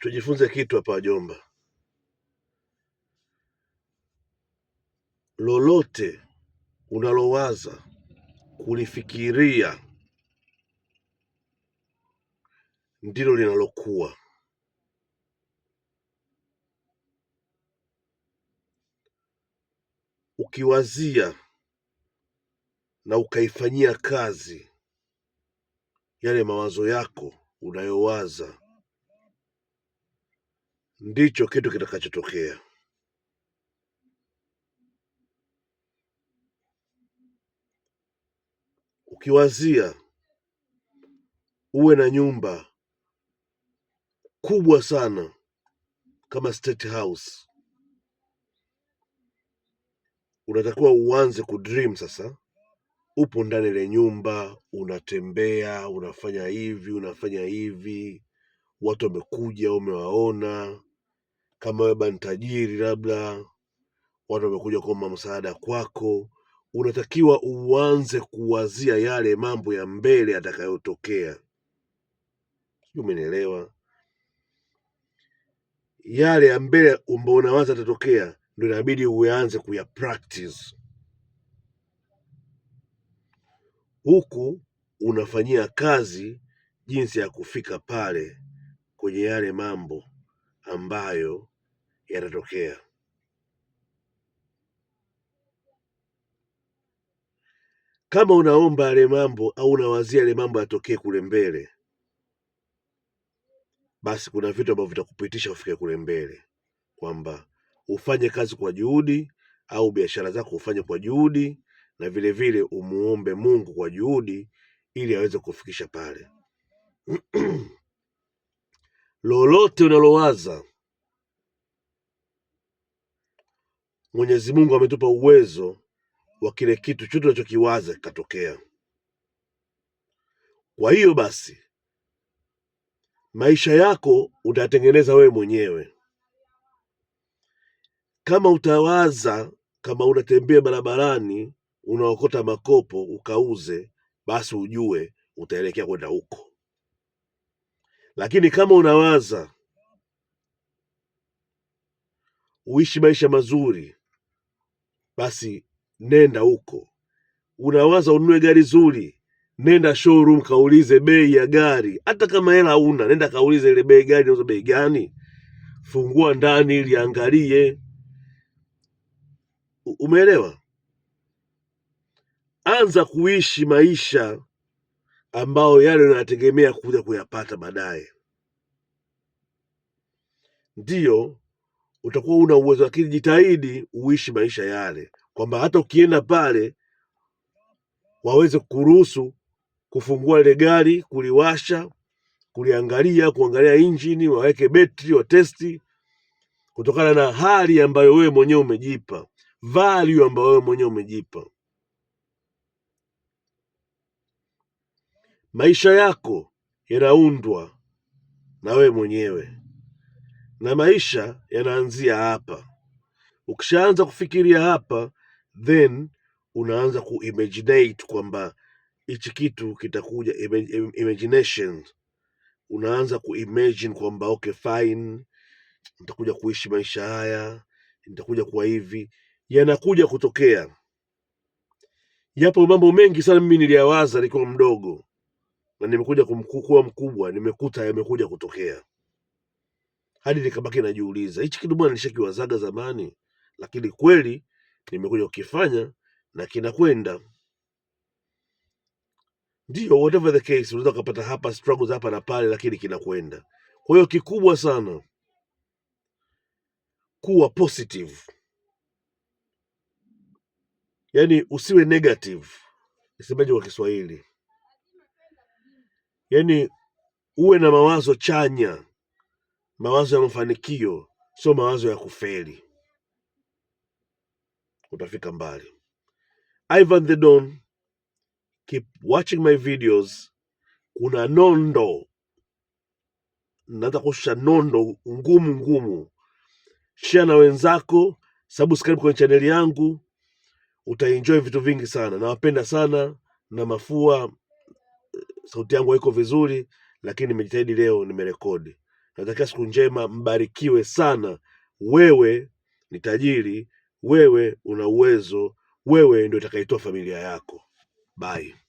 Tujifunze kitu hapa wajomba, lolote unalowaza kulifikiria ndilo linalokuwa. Ukiwazia na ukaifanyia kazi yale mawazo yako unayowaza ndicho kitu kitakachotokea. Ukiwazia uwe na nyumba kubwa sana kama State House, unatakiwa uanze kudream sasa upo ndani ile nyumba, unatembea, unafanya hivi, unafanya hivi, watu wamekuja, umewaona, kama wewe ni tajiri, labda watu wamekuja kuomba msaada kwako, unatakiwa uanze kuwazia yale mambo ya mbele yatakayotokea. Sijui umenielewa? Yale ya mbele ambao unawaza yatatokea, ndo inabidi uanze kuya practice huku unafanyia kazi jinsi ya kufika pale kwenye yale mambo ambayo yanatokea kama unaomba yale mambo au unawazia yale mambo yatokee kule mbele, basi kuna vitu ambavyo vitakupitisha ufike kule mbele, kwamba ufanye kazi kwa juhudi au biashara zako ufanye kwa juhudi, na vile vile umuombe Mungu kwa juhudi ili aweze kufikisha pale lolote unalowaza Mwenyezi Mungu ametupa uwezo wa kile kitu chote unachokiwaza kikatokea. Kwa hiyo basi, maisha yako utayatengeneza wewe mwenyewe. Kama utawaza kama unatembea barabarani unaokota makopo ukauze, basi ujue utaelekea kwenda huko. Lakini kama unawaza uishi maisha mazuri, basi nenda huko. Unawaza ununue gari zuri, nenda showroom, kaulize bei ya gari. Hata kama hela una nenda kaulize ile bei gari nauza bei gani, fungua ndani liangalie. Umeelewa? Anza kuishi maisha ambao yale unayategemea kuja kuyapata baadaye, ndiyo utakuwa una uwezo, lakini jitahidi uishi maisha yale, kwamba hata ukienda pale waweze kuruhusu kufungua ile gari, kuliwasha, kuliangalia, kuangalia injini, waweke betri, watesti, kutokana na hali ambayo wewe mwenyewe umejipa, value ambayo wewe mwenyewe umejipa. Maisha yako yanaundwa na wewe mwenyewe, na maisha yanaanzia hapa. Ukishaanza kufikiria hapa, then unaanza kuimaginate kwamba hichi kitu kitakuja. Imagination, unaanza kuimagine kwamba okay, fine, nitakuja kuishi maisha haya, nitakuja kuwa hivi. Yanakuja kutokea. Yapo mambo mengi sana mimi niliyawaza nikiwa mdogo na nimekuja kuwa mkubwa, nimekuta yamekuja kutokea hadi nikabaki najiuliza hichi kitu bwana nishakiwazaga zamani, lakini kweli nimekuja kukifanya na kinakwenda. Ndio, whatever the case, unaweza ukapata hapa struggles hapa na pale, lakini kinakwenda. Kwa hiyo kikubwa sana kuwa positive, yani usiwe negative. Nisemaje kwa Kiswahili? yani uwe na mawazo chanya, mawazo ya mafanikio, sio mawazo ya kufeli. Utafika mbali. Ivan the Don, keep watching my videos. Kuna nondo naanza kushusha nondo ngumu ngumu, share na wenzako, subscribe kwenye chaneli yangu, utaenjoy vitu vingi sana. Nawapenda sana na mafua sauti yangu haiko vizuri, lakini nimejitahidi leo nimerekodi. Natakia siku njema, mbarikiwe sana. Wewe ni tajiri, wewe una uwezo, wewe ndio itakaitoa familia yako. Bye.